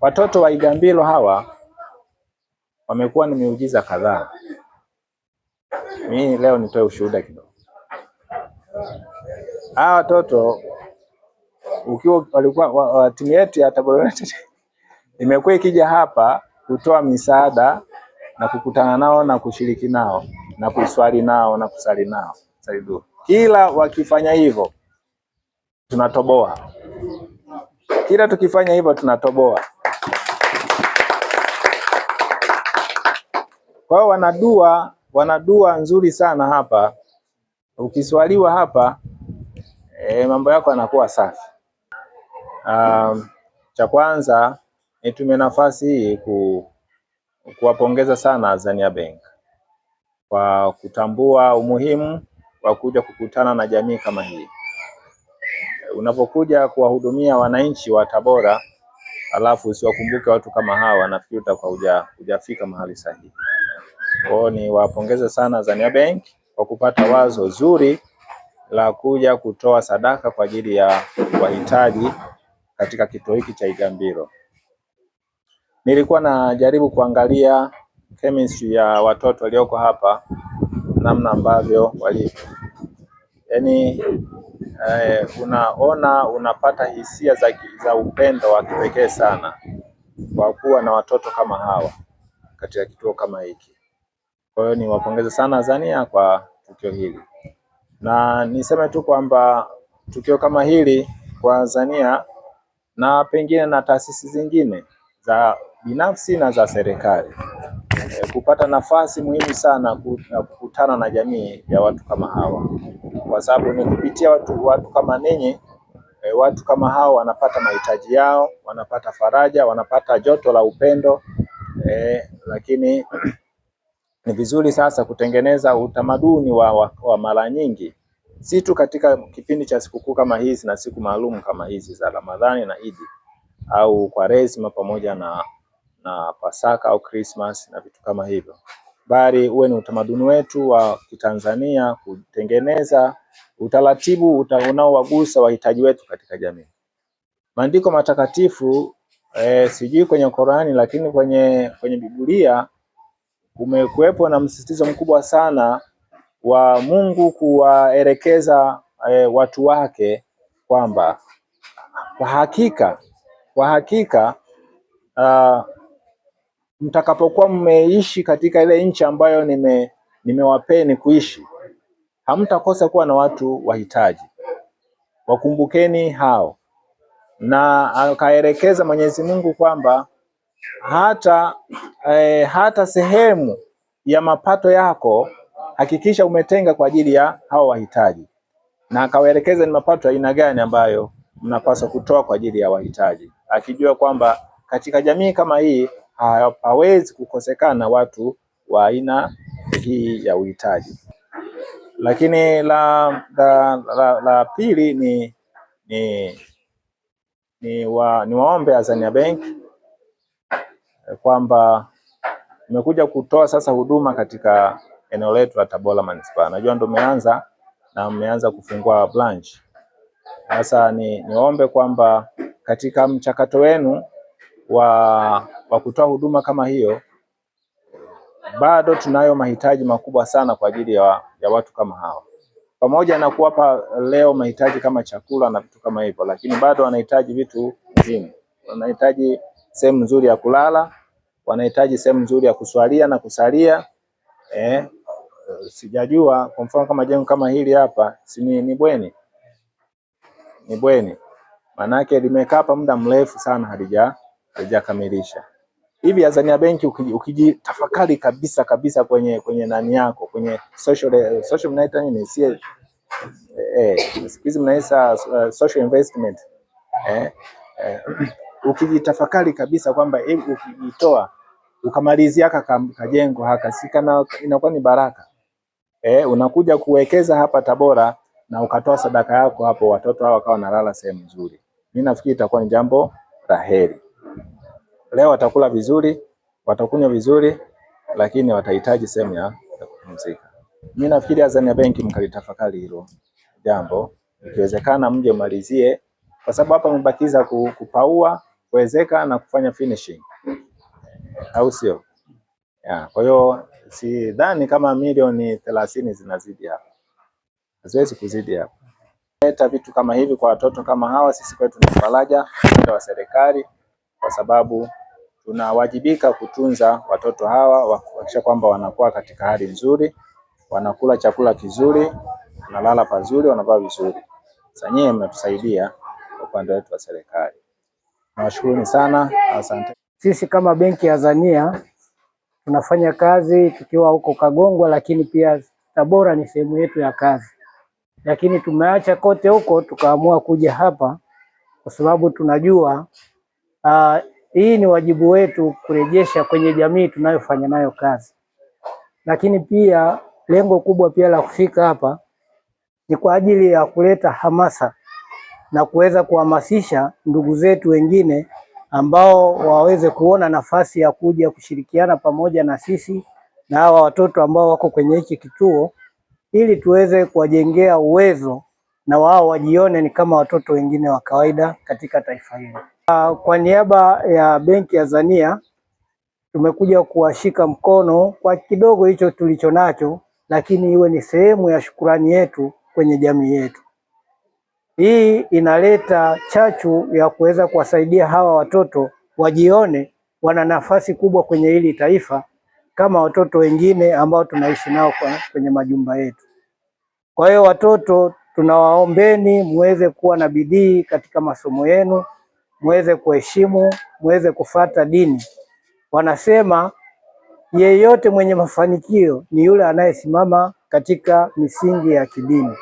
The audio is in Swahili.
Watoto wa Igambilo hawa wamekuwa ni miujiza kadhaa. Mimi leo nitoe ushuhuda kidogo. Hawa watoto ukiwa walikuwa timu yetu ya Tabora United imekuwa ikija hapa kutoa misaada na kukutana nao na kushiriki nao na kuswali nao na kusali nao saidu. Kila wakifanya hivyo tunatoboa, kila tukifanya hivyo tunatoboa. Kwa hiyo wanadua wanadua nzuri sana hapa, ukiswaliwa hapa e, mambo yako yanakuwa safi. Um, cha kwanza nitumie nafasi hii ku, kuwapongeza sana Azania Bank kwa kutambua umuhimu wa kuja kukutana na jamii kama hii. Unapokuja kuwahudumia wananchi wa Tabora alafu usiwakumbuke watu kama hawa, nafikiri utakuwa hujafika mahali sahihi. Kwao ni wapongeze sana Zania Bank kwa kupata wazo zuri la kuja kutoa sadaka kwa ajili ya wahitaji katika kituo hiki cha igambiro Nilikuwa najaribu kuangalia chemistry ya watoto walioko hapa namna ambavyo walivyo, yaani eh, unaona unapata hisia za, za upendo wa kipekee sana kwa kuwa na watoto kama hawa katika kituo kama hiki. Kwa hiyo niwapongeze sana Azania kwa tukio hili, na niseme tu kwamba tukio kama hili kwa Azania na pengine na taasisi zingine za binafsi na za serikali eh, kupata nafasi muhimu sana kukutana na jamii ya watu kama hawa, kwa sababu ni kupitia watu, watu kama ninyi e, watu kama hawa wanapata mahitaji yao, wanapata faraja, wanapata joto la upendo e, lakini ni vizuri sasa kutengeneza utamaduni wa, wa, wa mara nyingi, si tu katika kipindi cha sikukuu kama hizi na siku maalum kama hizi za Ramadhani na Idi au Kwaresma pamoja na na Pasaka au Christmas na vitu kama hivyo, bali uwe ni utamaduni wetu wa Kitanzania kutengeneza utaratibu unaowagusa wahitaji wetu katika jamii. Maandiko matakatifu eh, sijui kwenye Korani lakini kwenye kwenye Biblia kumekuwepo na msisitizo mkubwa sana wa Mungu kuwaelekeza e, watu wake kwamba kwa hakika kwa hakika uh, mtakapokuwa mmeishi katika ile nchi ambayo nime nimewapeni kuishi, hamtakosa kuwa na watu wahitaji, wakumbukeni hao. Na akaelekeza Mwenyezi Mungu kwamba hata, eh, hata sehemu ya mapato yako hakikisha umetenga kwa ajili ya hao wahitaji, na akawaelekeza ni mapato aina gani ambayo mnapaswa kutoa kwa ajili ya wahitaji, akijua kwamba katika jamii kama hii hawezi kukosekana watu wa aina hii ya uhitaji. Lakini la, la, la, la pili ni, ni, ni, wa, ni waombe Azania Bank Eh, kwamba nimekuja kutoa sasa huduma katika eneo letu la Tabora Manispaa. Najua ndo umeanza na umeanza kufungua branch. Sasa ni niombe kwamba katika mchakato wenu wa, wa kutoa huduma kama hiyo bado tunayo mahitaji makubwa sana kwa ajili ya, ya watu kama hawa, pamoja na kuwapa leo mahitaji kama chakula na vitu kama hivyo, lakini bado wanahitaji vitu vingine, wanahitaji sehemu nzuri ya kulala wanahitaji sehemu nzuri ya kuswalia na kusalia eh, sijajua. Kwa mfano kama jengo kama hili hapa, si ni bweni? Ni bweni, maanake limekaa hapa muda mrefu sana halija halijakamilisha. Hivi Azania Benki ukijitafakari kabisa kabisa kwenye kwenye nani yako kwenye social social mnaita nini? Si eh, eh, eh social investment eh, eh ukijitafakari kabisa kwamba hebu ukijitoa ukamalizia haka kajengo haka sikana, inakuwa ni baraka eh, unakuja kuwekeza hapa Tabora na ukatoa sadaka yako hapo, watoto hao wakawa nalala sehemu nzuri. Mimi nafikiri itakuwa ni jambo la heri. Leo watakula vizuri, watakunywa vizuri, lakini watahitaji sehemu ya kupumzika. Mimi nafikiri Azania Benki mkalitafakari hilo jambo, ikiwezekana mje malizie, kwa sababu hapa mbakiza kupaua kuwezeka na kufanya finishing au sio? Kwa hiyo sidhani kama milioni thelathini zinazidi hapa, haziwezi kuzidi hapa. Leta vitu kama hivi kwa watoto kama hawa, sisi kwetu ni faraja wa serikali, kwa sababu tunawajibika kutunza watoto hawa, kuhakikisha kwamba wanakuwa katika hali nzuri, wanakula chakula kizuri, wanalala pazuri, wanavaa vizuri. Sasa nyie mnatusaidia kwa upande wetu wa serikali. Nawashukuruni sana, asante. Sisi kama benki ya Azania tunafanya kazi tukiwa huko Kagongwa, lakini pia Tabora ni sehemu yetu ya kazi, lakini tumeacha kote huko tukaamua kuja hapa kwa sababu tunajua uh, hii ni wajibu wetu kurejesha kwenye jamii tunayofanya nayo kazi, lakini pia lengo kubwa pia la kufika hapa ni kwa ajili ya kuleta hamasa na kuweza kuhamasisha ndugu zetu wengine ambao waweze kuona nafasi ya kuja kushirikiana pamoja na sisi na hawa watoto ambao wako kwenye hiki kituo ili tuweze kuwajengea uwezo na wao wajione ni kama watoto wengine wa kawaida katika taifa hili. Ah, kwa niaba ya Benki ya Azania tumekuja kuwashika mkono kwa kidogo hicho tulicho nacho, lakini iwe ni sehemu ya shukurani yetu kwenye jamii yetu. Hii inaleta chachu ya kuweza kuwasaidia hawa watoto wajione wana nafasi kubwa kwenye hili taifa kama watoto wengine ambao tunaishi nao kwenye majumba yetu. Kwa hiyo watoto, tunawaombeni muweze kuwa na bidii katika masomo yenu, muweze kuheshimu, muweze kufata dini. Wanasema yeyote mwenye mafanikio ni yule anayesimama katika misingi ya kidini.